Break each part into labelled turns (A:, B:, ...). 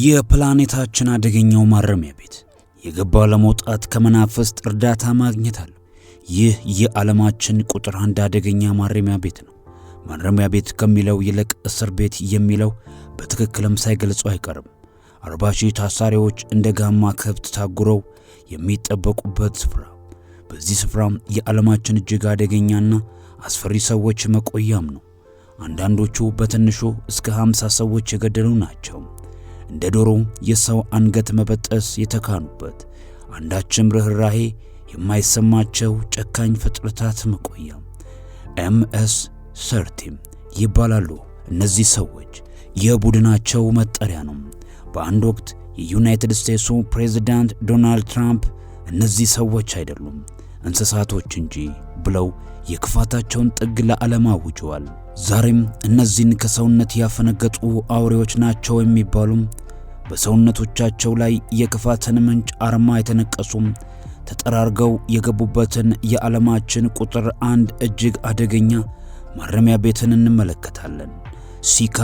A: የፕላኔታችን አደገኛው ማረሚያ ቤት የገባ ለመውጣት ከመናፍስት እርዳታ ማግኘት አለ። ይህ የዓለማችን ቁጥር አንድ አደገኛ ማረሚያ ቤት ነው። ማረሚያ ቤት ከሚለው ይልቅ እስር ቤት የሚለው በትክክልም ሳይገልጹ አይቀርም። አርባ ሺህ ታሳሪዎች እንደ ጋማ ከብት ታጉረው የሚጠበቁበት ስፍራ። በዚህ ስፍራም የዓለማችን እጅግ አደገኛና አስፈሪ ሰዎች መቆያም ነው። አንዳንዶቹ በትንሹ እስከ 50 ሰዎች የገደሉ ናቸው። እንደ ዶሮ የሰው አንገት መበጠስ የተካኑበት አንዳችም ርኅራሄ የማይሰማቸው ጨካኝ ፍጥረታት መቆያ ኤምኤስ ሰርቲም ይባላሉ። እነዚህ ሰዎች የቡድናቸው መጠሪያ ነው። በአንድ ወቅት የዩናይትድ ስቴትሱ ፕሬዚዳንት ዶናልድ ትራምፕ እነዚህ ሰዎች አይደሉም እንስሳቶች እንጂ ብለው የክፋታቸውን ጥግ ለዓለም አውጀዋል። ዛሬም እነዚህን ከሰውነት ያፈነገጡ አውሬዎች ናቸው የሚባሉም በሰውነቶቻቸው ላይ የክፋትን ምንጭ አርማ የተነቀሱም ተጠራርገው የገቡበትን የዓለማችን ቁጥር አንድ እጅግ አደገኛ ማረሚያ ቤትን እንመለከታለን። ሲካ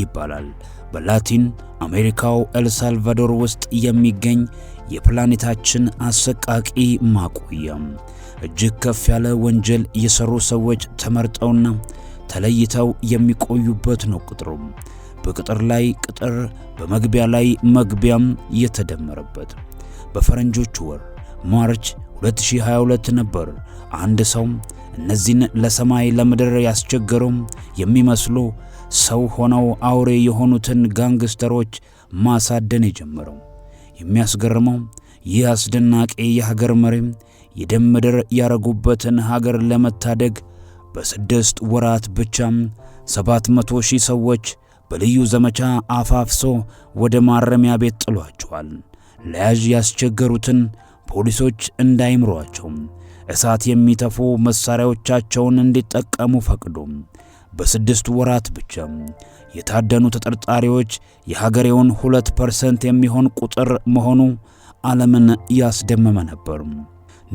A: ይባላል። በላቲን አሜሪካው ኤልሳልቫዶር ውስጥ የሚገኝ የፕላኔታችን አሰቃቂ ማቆያም እጅግ ከፍ ያለ ወንጀል የሰሩ ሰዎች ተመርጠውና ተለይተው የሚቆዩበት ነው። ቁጥሩም በቅጥር ላይ ቅጥር፣ በመግቢያ ላይ መግቢያም የተደመረበት በፈረንጆች ወር ማርች 2022 ነበር። አንድ ሰው እነዚህን ለሰማይ ለምድር ያስቸገረው የሚመስሉ ሰው ሆነው አውሬ የሆኑትን ጋንግስተሮች ማሳደን የጀመረው። የሚያስገርመው ይህ አስደናቂ የሀገር መሪ የደም ምድር ያረጉበትን ሀገር ለመታደግ በስድስት ወራት ብቻ 700 ሺህ ሰዎች በልዩ ዘመቻ አፋፍሶ ወደ ማረሚያ ቤት ጥሏቸዋል። ለያዥ ያስቸገሩትን ፖሊሶች እንዳይምሯቸው እሳት የሚተፉ መሳሪያዎቻቸውን እንዲጠቀሙ ፈቅዶ በስድስት ወራት ብቻ የታደኑ ተጠርጣሪዎች የሀገሬውን ሁለት ፐርሰንት የሚሆን ቁጥር መሆኑ ዓለምን ያስደመመ ነበር።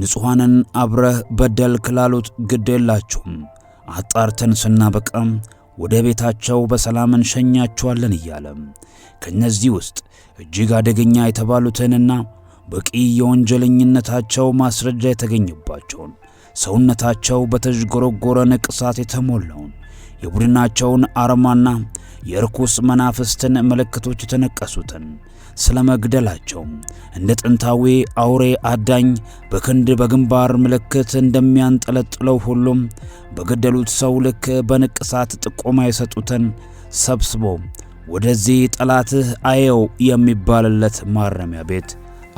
A: ንጹሐንን አብረህ በደል ክላሉት ግድ የላችሁም አጣርተን ስናበቃም ወደ ቤታቸው በሰላም እንሸኛቸዋለን እያለ ከእነዚህ ውስጥ እጅግ አደገኛ የተባሉትንና በቂ የወንጀለኝነታቸው ማስረጃ የተገኘባቸውን ሰውነታቸው በተዥጎረጎረ ንቅሳት የተሞላውን የቡድናቸውን አርማና የርኩስ መናፍስትን ምልክቶች የተነቀሱትን ስለመግደላቸው እንደ ጥንታዊ አውሬ አዳኝ በክንድ በግንባር ምልክት እንደሚያንጠለጥለው ሁሉም በገደሉት ሰው ልክ በንቅሳት ጥቆማ የሰጡትን ሰብስቦ ወደዚህ ጠላትህ አየው የሚባልለት ማረሚያ ቤት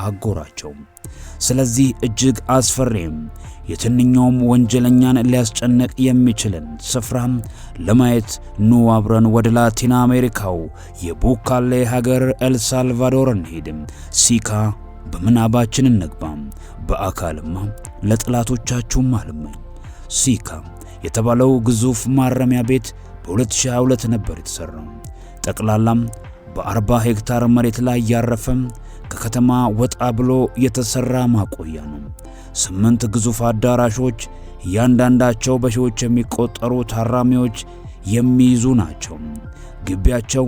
A: አጎራቸው። ስለዚህ እጅግ አስፈሪም የትንኛውም ወንጀለኛን ሊያስጨነቅ የሚችልን ስፍራም ለማየት ኑ አብረን ወደ ላቲን አሜሪካው የቡካሌ ሀገር ኤልሳልቫዶር እንሂድም። ሲካ በምናባችን እንግባ። በአካልማ ለጠላቶቻችሁም አልመኝ። ሲካ የተባለው ግዙፍ ማረሚያ ቤት በ2022 ነበር የተሠራው። ጠቅላላም በ40 ሄክታር መሬት ላይ ያረፈም ከከተማ ወጣ ብሎ የተሰራ ማቆያ ነው። ስምንት ግዙፍ አዳራሾች እያንዳንዳቸው በሺዎች የሚቆጠሩ ታራሚዎች የሚይዙ ናቸው። ግቢያቸው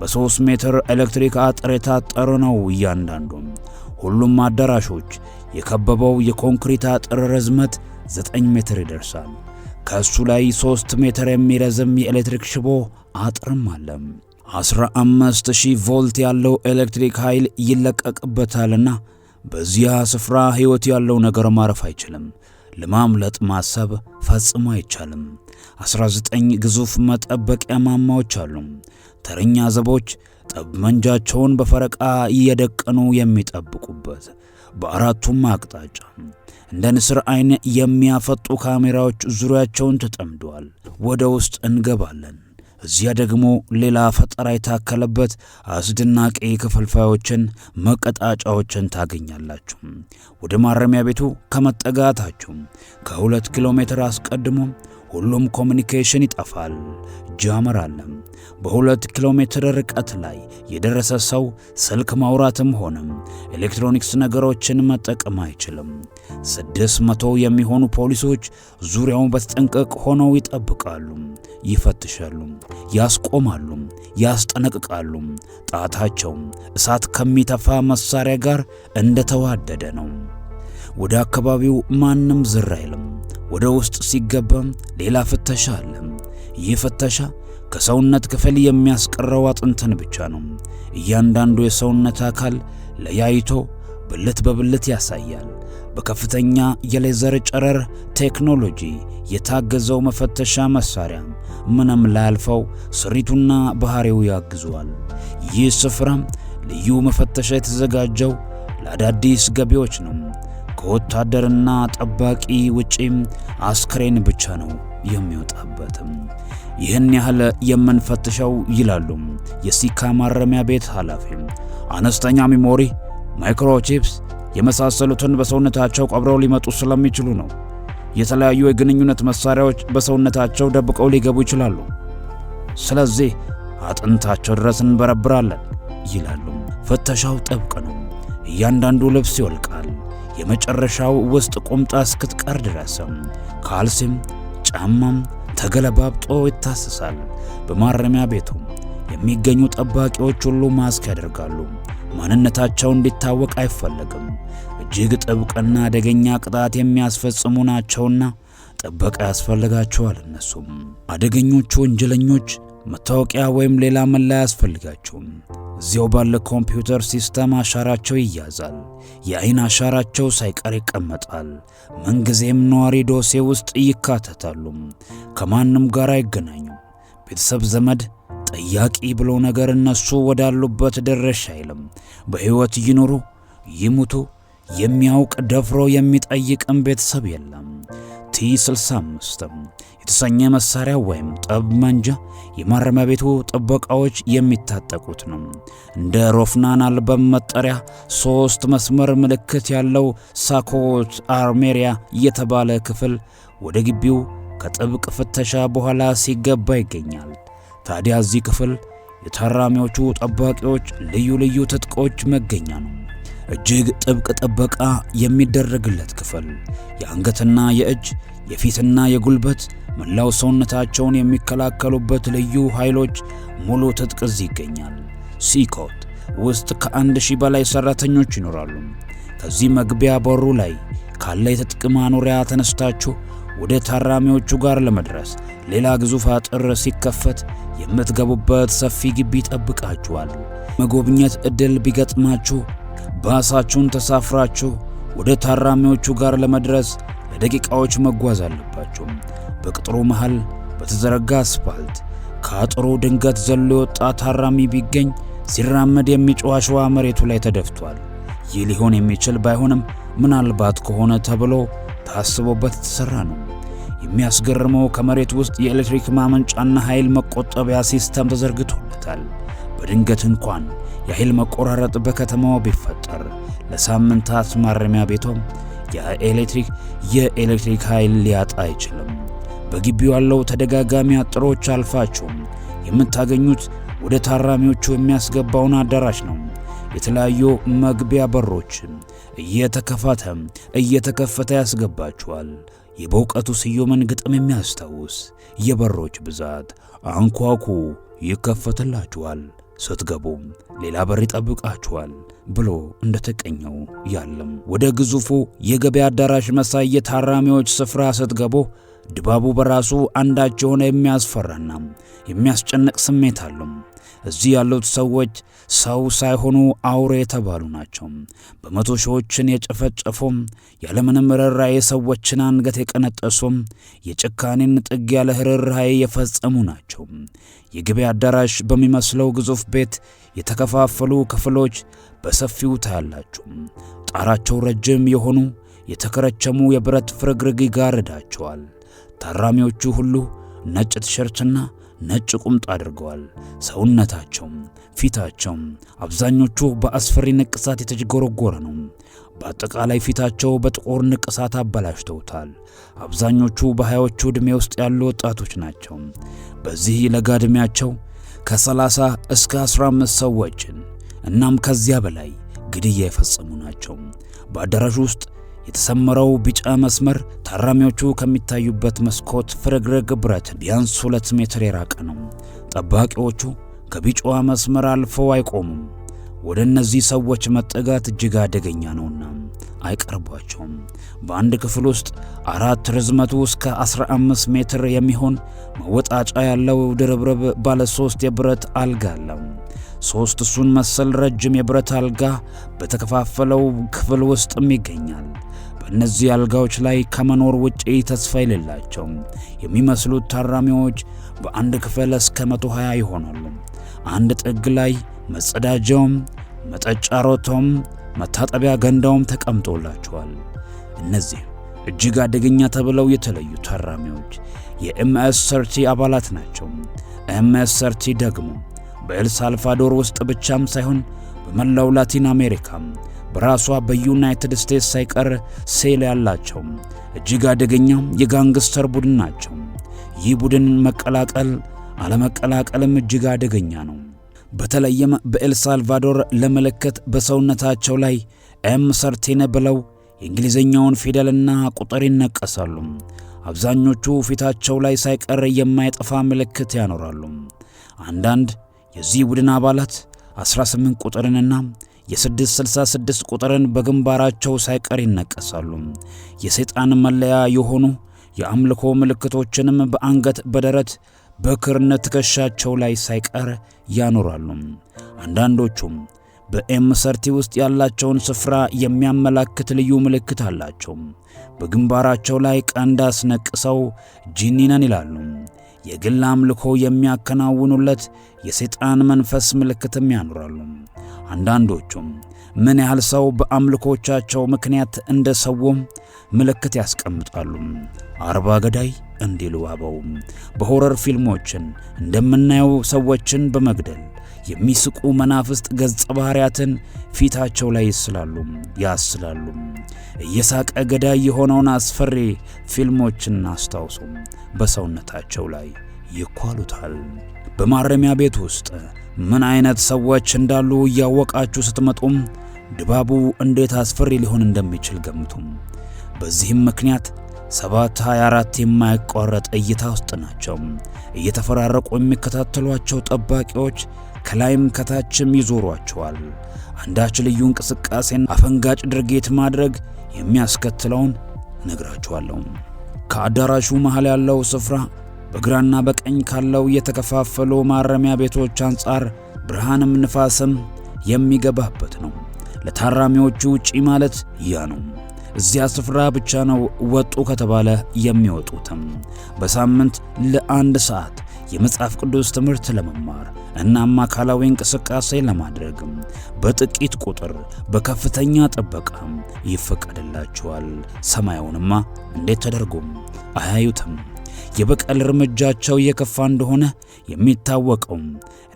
A: በሦስት ሜትር ኤሌክትሪክ አጥር የታጠረ ነው። እያንዳንዱ ሁሉም አዳራሾች የከበበው የኮንክሪት አጥር ርዝመት 9 ሜትር ይደርሳል። ከእሱ ላይ 3 ሜትር የሚረዝም የኤሌክትሪክ ሽቦ አጥርም አለ። 15000 ቮልት ያለው ኤሌክትሪክ ኃይል ይለቀቅበታልና በዚያ ስፍራ ሕይወት ያለው ነገር ማረፍ አይችልም። ለማምለጥ ማሰብ ፈጽሞ አይቻልም። 19 ግዙፍ መጠበቂያ ማማዎች አሉ። ተረኛ ዘቦች ጠመንጃቸውን በፈረቃ እየደቀኑ የሚጠብቁበት በአራቱም አቅጣጫ እንደ ንስር አይን የሚያፈጡ ካሜራዎች ዙሪያቸውን ተጠምደዋል። ወደ ውስጥ እንገባለን። እዚያ ደግሞ ሌላ ፈጠራ የታከለበት አስደናቂ ክፍልፋዮችን መቀጣጫዎችን ታገኛላችሁ። ወደ ማረሚያ ቤቱ ከመጠጋታችሁ ከሁለት ኪሎ ሜትር አስቀድሞ ሁሉም ኮሚኒኬሽን ይጠፋል። ጃመር አለም በሁለት ኪሎ ሜትር ርቀት ላይ የደረሰ ሰው ስልክ ማውራትም ሆነም ኤሌክትሮኒክስ ነገሮችን መጠቀም አይችልም። ስድስት መቶ የሚሆኑ ፖሊሶች ዙሪያውን በተጠንቀቅ ሆነው ይጠብቃሉ፣ ይፈትሻሉ፣ ያስቆማሉ፣ ያስጠነቅቃሉ። ጣታቸው እሳት ከሚተፋ መሳሪያ ጋር እንደተዋደደ ነው። ወደ አካባቢው ማንም ዝር አይልም። ወደ ውስጥ ሲገባም ሌላ ፍተሻ አለ። ይህ ፍተሻ ከሰውነት ክፍል የሚያስቀረው አጥንትን ብቻ ነው። እያንዳንዱ የሰውነት አካል ለያይቶ ብልት በብልት ያሳያል። በከፍተኛ የሌዘር ጨረር ቴክኖሎጂ የታገዘው መፈተሻ መሳሪያ ምንም ላያልፈው ስሪቱና ባህሪው ያግዘዋል። ይህ ስፍራ ልዩ መፈተሻ የተዘጋጀው ለአዳዲስ ገቢዎች ነው። ከወታደርና ጠባቂ ውጪም አስክሬን ብቻ ነው የሚወጣበትም። ይህን ያህል የምንፈትሸው ይላሉ የሲካ ማረሚያ ቤት ኃላፊ። አነስተኛ ሚሞሪ፣ ማይክሮቺፕስ የመሳሰሉትን በሰውነታቸው ቀብረው ሊመጡ ስለሚችሉ ነው። የተለያዩ የግንኙነት መሳሪያዎች በሰውነታቸው ደብቀው ሊገቡ ይችላሉ። ስለዚህ አጥንታቸው ድረስ እንበረብራለን ይላሉ። ፍተሻው ጥብቅ ነው። እያንዳንዱ ልብስ ይወልቃል። የመጨረሻው ውስጥ ቁምጣ እስክትቀር ድረስ ካልሲም ጫማም ተገለባብጦ ይታሰሳል። በማረሚያ ቤቱም የሚገኙ ጠባቂዎች ሁሉ ማስክ ያደርጋሉ። ማንነታቸው እንዲታወቅ አይፈለግም። እጅግ ጥብቅና አደገኛ ቅጣት የሚያስፈጽሙ ናቸውና ጥበቃ ያስፈልጋቸዋል። እነሱም አደገኞቹ ወንጀለኞች መታወቂያ ወይም ሌላ መለያ አያስፈልጋቸውም። እዚያው ባለ ኮምፒውተር ሲስተም አሻራቸው ይያዛል። የአይን አሻራቸው ሳይቀር ይቀመጣል። ምንጊዜም ነዋሪ ዶሴ ውስጥ ይካተታሉ። ከማንም ጋር አይገናኙም። ቤተሰብ፣ ዘመድ ጠያቂ ብሎ ነገር እነሱ ወዳሉበት ድርሽ አይልም። በሕይወት ይኑሩ ይሙቱ የሚያውቅ ደፍሮ የሚጠይቅም ቤተሰብ የለም። ቲ 65 የተሰኘ መሳሪያ ወይም ጠብመንጃ የማረሚያ ቤቱ ጥበቃዎች የሚታጠቁት ነው። እንደ ሮፍናን አልበም መጠሪያ ሶስት መስመር ምልክት ያለው ሳኮት አርሜሪያ የተባለ ክፍል ወደ ግቢው ከጥብቅ ፍተሻ በኋላ ሲገባ ይገኛል። ታዲያ እዚህ ክፍል የታራሚዎቹ ጠባቂዎች ልዩ ልዩ ትጥቆች መገኛ ነው። እጅግ ጥብቅ ጥበቃ የሚደረግለት ክፍል የአንገትና የእጅ የፊትና የጉልበት መላው ሰውነታቸውን የሚከላከሉበት ልዩ ኃይሎች ሙሉ ትጥቅ እዚህ ይገኛል። ሲኮት ውስጥ ከአንድ ሺህ በላይ ሠራተኞች ይኖራሉ። ከዚህ መግቢያ በሩ ላይ ካለ የትጥቅ ማኖሪያ ተነስታችሁ ወደ ታራሚዎቹ ጋር ለመድረስ ሌላ ግዙፍ አጥር ሲከፈት የምትገቡበት ሰፊ ግቢ ይጠብቃችኋል። መጎብኘት ዕድል ቢገጥማችሁ ባሳችሁን ተሳፍራችሁ ወደ ታራሚዎቹ ጋር ለመድረስ ለደቂቃዎች መጓዝ አለባችሁ። በቅጥሩ መሃል በተዘረጋ አስፋልት ከአጥሩ ድንገት ዘሎ የወጣ ታራሚ ቢገኝ ሲራመድ የሚጮህ አሸዋ መሬቱ ላይ ተደፍቷል። ይህ ሊሆን የሚችል ባይሆንም ምናልባት ከሆነ ተብሎ ታስቦበት የተሠራ ነው። የሚያስገርመው ከመሬት ውስጥ የኤሌክትሪክ ማመንጫና ኃይል መቆጠቢያ ሲስተም ተዘርግቶለታል። በድንገት እንኳን የኃይል መቆራረጥ በከተማው ቢፈጠር ለሳምንታት ማረሚያ ቤቶም የኤሌክትሪክ የኤሌክትሪክ ኃይል ሊያጣ አይችልም። በግቢው ያለው ተደጋጋሚ አጥሮች አልፋችሁ የምታገኙት ወደ ታራሚዎቹ የሚያስገባውን አዳራሽ ነው። የተለያዩ መግቢያ በሮች እየተከፋተ እየተከፈተ ያስገባችኋል። የበውቀቱ ስዩምን ግጥም የሚያስታውስ የበሮች ብዛት አንኳኩ፣ ይከፈትላችኋል። ስትገቡ ሌላ በር ይጠብቃችኋል ብሎ እንደተቀኘው ያለም ወደ ግዙፉ የገበያ አዳራሽ መሳይ የታራሚዎች ስፍራ ስትገቡ ድባቡ በራሱ አንዳች የሆነ የሚያስፈራና የሚያስጨንቅ ስሜት አለው። እዚህ ያሉት ሰዎች ሰው ሳይሆኑ አውሬ የተባሉ ናቸው። በመቶ ሺዎችን የጨፈጨፉም ያለምንም ርኅራኄ ሰዎችን አንገት የቀነጠሱም የጭካኔን ጥግ ያለ ርኅራኄ የፈጸሙ ናቸው። የገበያ አዳራሽ በሚመስለው ግዙፍ ቤት የተከፋፈሉ ክፍሎች በሰፊው ታያላችሁ። ጣራቸው ረጅም የሆኑ የተከረቸሙ የብረት ፍርግርግ ይጋርዳቸዋል። ታራሚዎቹ ሁሉ ነጭ ቲሸርትና ነጭ ቁምጣ አድርገዋል። ሰውነታቸውም ፊታቸውም አብዛኞቹ በአስፈሪ ንቅሳት የተጎረጎረ ነው። በአጠቃላይ ፊታቸው በጥቁር ንቅሳት አበላሽተውታል። አብዛኞቹ በሃያዎቹ ዕድሜ ውስጥ ያሉ ወጣቶች ናቸው። በዚህ ለጋ ዕድሜያቸው ከ30 እስከ 15 ሰዎችን እናም ከዚያ በላይ ግድያ የፈጸሙ ናቸው። በአዳራሹ ውስጥ የተሰመረው ቢጫ መስመር ታራሚዎቹ ከሚታዩበት መስኮት ፍርግርግ ብረት ቢያንስ ሁለት ሜትር የራቀ ነው። ጠባቂዎቹ ከቢጫዋ መስመር አልፈው አይቆሙም። ወደ እነዚህ ሰዎች መጠጋት እጅግ አደገኛ ነውና አይቀርቧቸውም። በአንድ ክፍል ውስጥ አራት ርዝመቱ እስከ 15 ሜትር የሚሆን መወጣጫ ያለው ድርብርብ ባለ ሶስት የብረት አልጋ አለ። ሶስት እሱን መሰል ረጅም የብረት አልጋ በተከፋፈለው ክፍል ውስጥም ይገኛል። እነዚህ አልጋዎች ላይ ከመኖር ውጪ ተስፋ የሌላቸው የሚመስሉት ታራሚዎች በአንድ ክፍል እስከ 120 ይሆናሉ። አንድ ጥግ ላይ መጸዳጃውም፣ መጠጫ ሮቶም፣ መታጠቢያ ገንዳውም ተቀምጦላቸዋል። እነዚህ እጅግ አደገኛ ተብለው የተለዩ ታራሚዎች የኤምኤስ ሰርቲ አባላት ናቸው። ኤምኤስ ሰርቲ ደግሞ በኤል ውስጥ ብቻም ሳይሆን በመላው ላቲን አሜሪካ በራሷ በዩናይትድ ስቴትስ ሳይቀር ሴል ያላቸው እጅግ አደገኛ የጋንግስተር ቡድን ናቸው። ይህ ቡድን መቀላቀል አለመቀላቀልም እጅግ አደገኛ ነው። በተለይም በኤልሳልቫዶር ለመለከት በሰውነታቸው ላይ ኤም ሰርቴነ ብለው የእንግሊዝኛውን ፊደልና ቁጥር ይነቀሳሉ። አብዛኞቹ ፊታቸው ላይ ሳይቀር የማይጠፋ ምልክት ያኖራሉ። አንዳንድ የዚህ ቡድን አባላት 18 ቁጥርንና የ666 ቁጥርን በግንባራቸው ሳይቀር ይነቀሳሉ። የሰይጣን መለያ የሆኑ የአምልኮ ምልክቶችንም በአንገት፣ በደረት፣ በክርነ ትከሻቸው ላይ ሳይቀር ያኖራሉ። አንዳንዶቹም በኤምሰርቲ ውስጥ ያላቸውን ስፍራ የሚያመላክት ልዩ ምልክት አላቸው። በግንባራቸው ላይ ቀንድ አስነቅሰው ጂኒ ይላሉ። የግል አምልኮ የሚያከናውኑለት የሰይጣን መንፈስ ምልክትም ያኖራሉ። አንዳንዶቹም ምን ያህል ሰው በአምልኮቻቸው ምክንያት እንደ ሰውም ምልክት ያስቀምጣሉ። አርባ ገዳይ እንዲሉ አበው በሆረር ፊልሞችን እንደምናየው ሰዎችን በመግደል የሚስቁ መናፍስት ገጸ ባህሪያትን ፊታቸው ላይ ይስላሉ ያስላሉ። እየሳቀ ገዳይ የሆነውን አስፈሪ ፊልሞችን አስታውሶ በሰውነታቸው ላይ ይኳሉታል። በማረሚያ ቤት ውስጥ ምን አይነት ሰዎች እንዳሉ እያወቃችሁ ስትመጡም ድባቡ እንዴት አስፈሪ ሊሆን እንደሚችል ገምቱም። በዚህም ምክንያት 724 24 የማይቋረጥ እይታ ውስጥ ናቸው። እየተፈራረቁ የሚከታተሏቸው ጠባቂዎች ከላይም ከታችም ይዞሯቸዋል። አንዳች ልዩ እንቅስቃሴን፣ አፈንጋጭ ድርጊት ማድረግ የሚያስከትለውን እነግራችኋለሁ። ከአዳራሹ መሃል ያለው ስፍራ በግራና በቀኝ ካለው የተከፋፈሉ ማረሚያ ቤቶች አንጻር ብርሃንም ንፋስም የሚገባበት ነው። ለታራሚዎቹ ውጪ ማለት ያ ነው። እዚያ ስፍራ ብቻ ነው ወጡ ከተባለ የሚወጡትም በሳምንት ለአንድ ሰዓት የመጽሐፍ ቅዱስ ትምህርት ለመማር እናም አካላዊ እንቅስቃሴ ለማድረግ በጥቂት ቁጥር በከፍተኛ ጥበቃ ይፈቀድላቸዋል። ሰማዩንማ እንዴት ተደርጎም አያዩትም። የበቀል እርምጃቸው እየከፋ እንደሆነ የሚታወቀው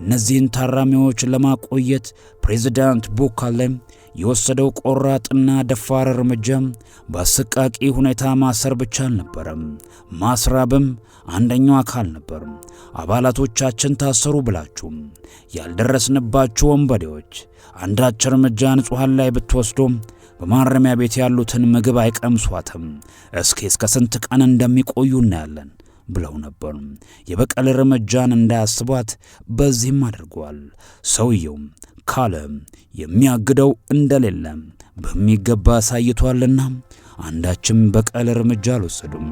A: እነዚህን ታራሚዎች ለማቆየት ፕሬዚዳንት ቡካሌም የወሰደው ቆራጥና ደፋር እርምጃ በአሰቃቂ ሁኔታ ማሰር ብቻ አልነበረም፣ ማስራብም አንደኛው አካል ነበር። አባላቶቻችን ታሰሩ ብላችሁ ያልደረስንባችሁ ወንበዴዎች አንዳች እርምጃ ንጹሐን ላይ ብትወስዶም። በማረሚያ ቤት ያሉትን ምግብ አይቀምሷትም፣ እስኪ እስከ ስንት ቀን እንደሚቆዩ እናያለን ብለው ነበር። የበቀል እርምጃን እንዳያስቧት በዚህም አድርጓል። ሰውየው ካለ የሚያግደው እንደሌለ በሚገባ አሳይቷልና አንዳችም በቀል እርምጃ አልወሰዱም።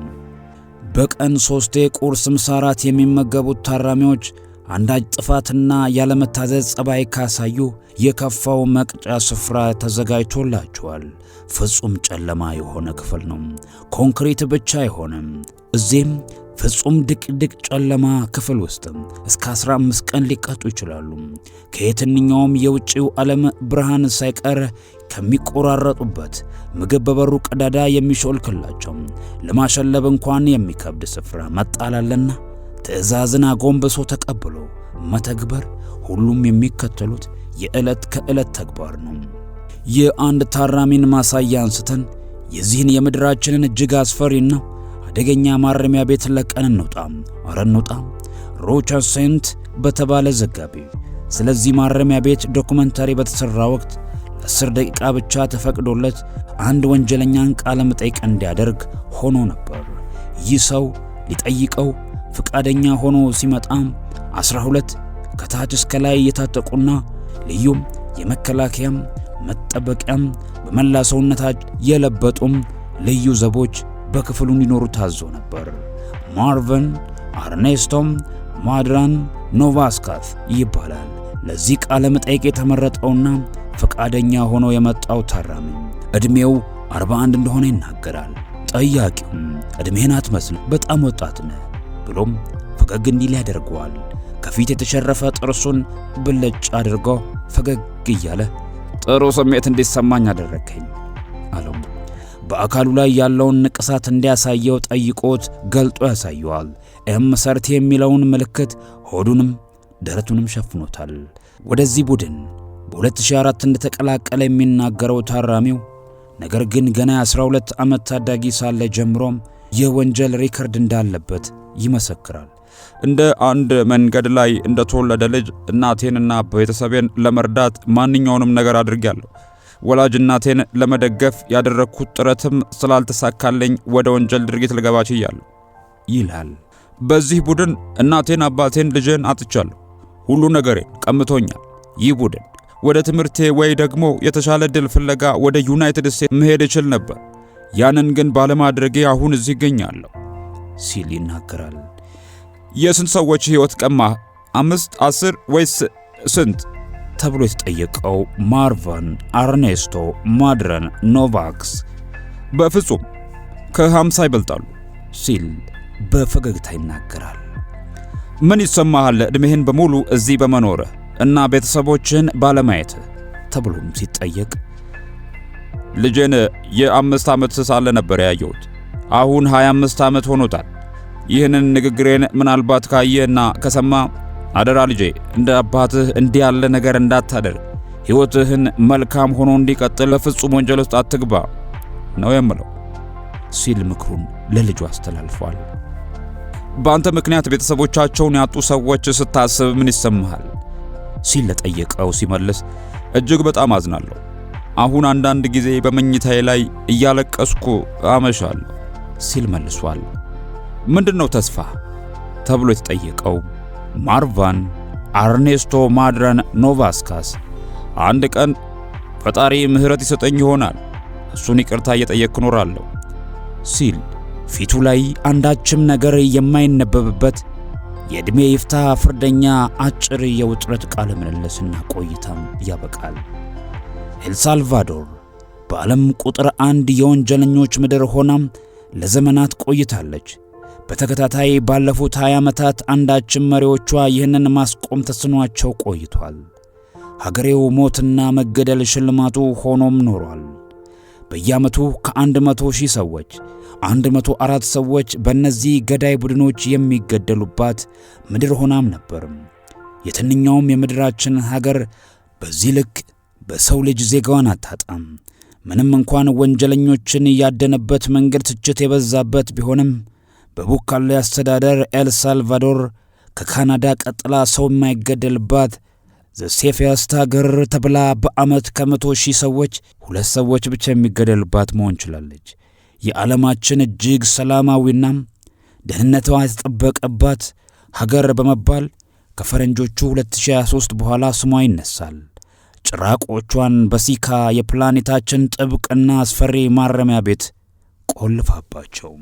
A: በቀን ሦስቴ ቁርስ፣ ምሳ፣ እራት የሚመገቡት ታራሚዎች አንዳች ጥፋትና ያለመታዘዝ ጸባይ ካሳዩ የከፋው መቅጫ ስፍራ ተዘጋጅቶላቸዋል። ፍጹም ጨለማ የሆነ ክፍል ነው። ኮንክሪት ብቻ አይሆንም። እዚህም ፍጹም ድቅድቅ ጨለማ ክፍል ውስጥ እስከ 15 ቀን ሊቀጡ ይችላሉ። ከየትኛውም የውጭው ዓለም ብርሃን ሳይቀር ከሚቆራረጡበት ምግብ በበሩ ቀዳዳ የሚሾልክላቸው ለማሸለብ እንኳን የሚከብድ ስፍራ መጣላለና ትእዛዝን አጎንብሶ ተቀብሎ መተግበር ሁሉም የሚከተሉት የዕለት ከዕለት ተግባር ነው። የአንድ ታራሚን ማሳያ አንስተን የዚህን የምድራችንን እጅግ አስፈሪና አደገኛ ማረሚያ ቤት ለቀን እንውጣም፣ አረ እንውጣም ሴንት በተባለ ዘጋቢ ስለዚህ ማረሚያ ቤት ዶኩመንታሪ በተሠራ ወቅት ለአስር ደቂቃ ብቻ ተፈቅዶለት አንድ ወንጀለኛን ቃለ መጠይቅ እንዲያደርግ ሆኖ ነበር። ይህ ሰው ሊጠይቀው ፈቃደኛ ሆኖ ሲመጣም 12 ከታች እስከ ላይ የታጠቁና ልዩም የመከላከያም መጠበቂያም በመላ ሰውነታች የለበጡም ልዩ ዘቦች በክፍሉ እንዲኖሩ ታዞ ነበር። ማርቨን አርኔስቶም ማድራን ኖቫስካፍ ይባላል። ለዚህ ቃለ መጠይቅ የተመረጠውና ፈቃደኛ ሆኖ የመጣው ታራሚ ዕድሜው 41 እንደሆነ ይናገራል። ጠያቂውም ዕድሜህን አትመስልም፣ በጣም ወጣት ነህ ብሎም ፈገግ እንዲል ያደርገዋል። ከፊት የተሸረፈ ጥርሱን ብልጭ አድርጎ ፈገግ እያለ ጥሩ ስሜት እንዲሰማኝ አደረገኝ አለው። በአካሉ ላይ ያለውን ንቅሳት እንዲያሳየው ጠይቆት ገልጦ ያሳየዋል። ኤም ሰርት የሚለውን ምልክት ሆዱንም ደረቱንም ሸፍኖታል። ወደዚህ ቡድን በ2004 እንደተቀላቀለ የሚናገረው ታራሚው ነገር ግን ገና የ12 ዓመት ታዳጊ ሳለ ጀምሮም የወንጀል ሪከርድ እንዳለበት ይመሰክራል።
B: እንደ አንድ መንገድ ላይ እንደተወለደ ልጅ እናቴንና ቤተሰቤን ለመርዳት ማንኛውንም ነገር አድርጌያለሁ። ወላጅ እናቴን ለመደገፍ ያደረግኩት ጥረትም ስላልተሳካልኝ ወደ ወንጀል ድርጊት ልገባ ችያለሁ ይላል። በዚህ ቡድን እናቴን፣ አባቴን፣ ልጄን አጥቻለሁ። ሁሉ ነገሬን ቀምቶኛል። ይህ ቡድን ወደ ትምህርቴ ወይ ደግሞ የተሻለ ድል ፍለጋ ወደ ዩናይትድ ስቴትስ መሄድ እችል ነበር። ያንን ግን ባለማድረጌ አሁን እዚህ ይገኛለሁ
A: ሲል ይናገራል።
B: የስንት ሰዎች ሕይወት ቀማ አምስት፣ አስር ወይስ ስንት
A: ተብሎ የተጠየቀው ማርቫን አርኔስቶ ማድረን ኖቫክስ
B: በፍጹም ከሃምሳ ይበልጣሉ
A: ሲል በፈገግታ ይናገራል።
B: ምን ይሰማሃል ዕድሜህን በሙሉ እዚህ በመኖርህ እና ቤተሰቦችን ባለማየትህ
A: ተብሎም ሲጠየቅ
B: ልጄን የአምስት ዓመት ሳለ ነበር ያየሁት አሁን 25 ዓመት ሆኖታል። ይህንን ንግግሬን ምናልባት ካየና ከሰማ አደራ ልጄ እንደ አባትህ እንዲህ ያለ ነገር እንዳታደርግ፣ ሕይወትህን መልካም ሆኖ እንዲቀጥል በፍጹም ወንጀል ውስጥ አትግባ ነው የምለው
A: ሲል ምክሩን ለልጁ አስተላልፏል።
B: በአንተ ምክንያት ቤተሰቦቻቸውን ያጡ ሰዎች ስታስብ ምን ይሰማሃል? ሲል ለጠየቀው ሲመልስ እጅግ በጣም አዝናለሁ። አሁን አንዳንድ ጊዜ በመኝታዬ ላይ እያለቀስኩ አመሻለሁ።
A: ሲል መልሷል
B: ምንድነው ተስፋ ተብሎ የተጠየቀው ማርቫን አርኔስቶ ማድረን ኖቫስካስ አንድ ቀን ፈጣሪ ምሕረት ይሰጠኝ ይሆናል፣ እሱን ይቅርታ እየጠየቅ እኖራለሁ
A: ሲል ፊቱ ላይ አንዳችም ነገር የማይነበብበት የዕድሜ ይፍታ ፍርደኛ አጭር የውጥረት ቃለ ምልልስና ቆይታም ያበቃል። ኤልሳልቫዶር በዓለም ቁጥር አንድ የወንጀለኞች ምድር ሆናም ለዘመናት ቆይታለች። በተከታታይ ባለፉት 20 ዓመታት አንዳችም መሪዎቿ ይህንን ማስቆም ተስኗቸው ቆይቷል። ሀገሬው ሞትና መገደል ሽልማቱ ሆኖም ኖሯል። በየዓመቱ ከ100 ሺህ ሰዎች 104 ሰዎች በእነዚህ ገዳይ ቡድኖች የሚገደሉባት ምድር ሆናም ነበር። የትንኛውም የምድራችን ሀገር በዚህ ልክ በሰው ልጅ ዜጋዋን አታጣም። ምንም እንኳን ወንጀለኞችን ያደነበት መንገድ ትችት የበዛበት ቢሆንም በቡካሌ አስተዳደር ኤል ሳልቫዶር ከካናዳ ቀጥላ ሰው የማይገደልባት ዘሴፊያስት ሀገር ተብላ በዓመት ከመቶ ሺህ ሰዎች ሁለት ሰዎች ብቻ የሚገደልባት መሆን ችላለች። የዓለማችን እጅግ ሰላማዊና ደህንነቷ የተጠበቀባት ሀገር በመባል ከፈረንጆቹ 2023 በኋላ ስሟ ይነሳል። ጭራቆቿን በሲካ የፕላኔታችን ጥብቅና አስፈሪ ማረሚያ ቤት ቆልፋባቸው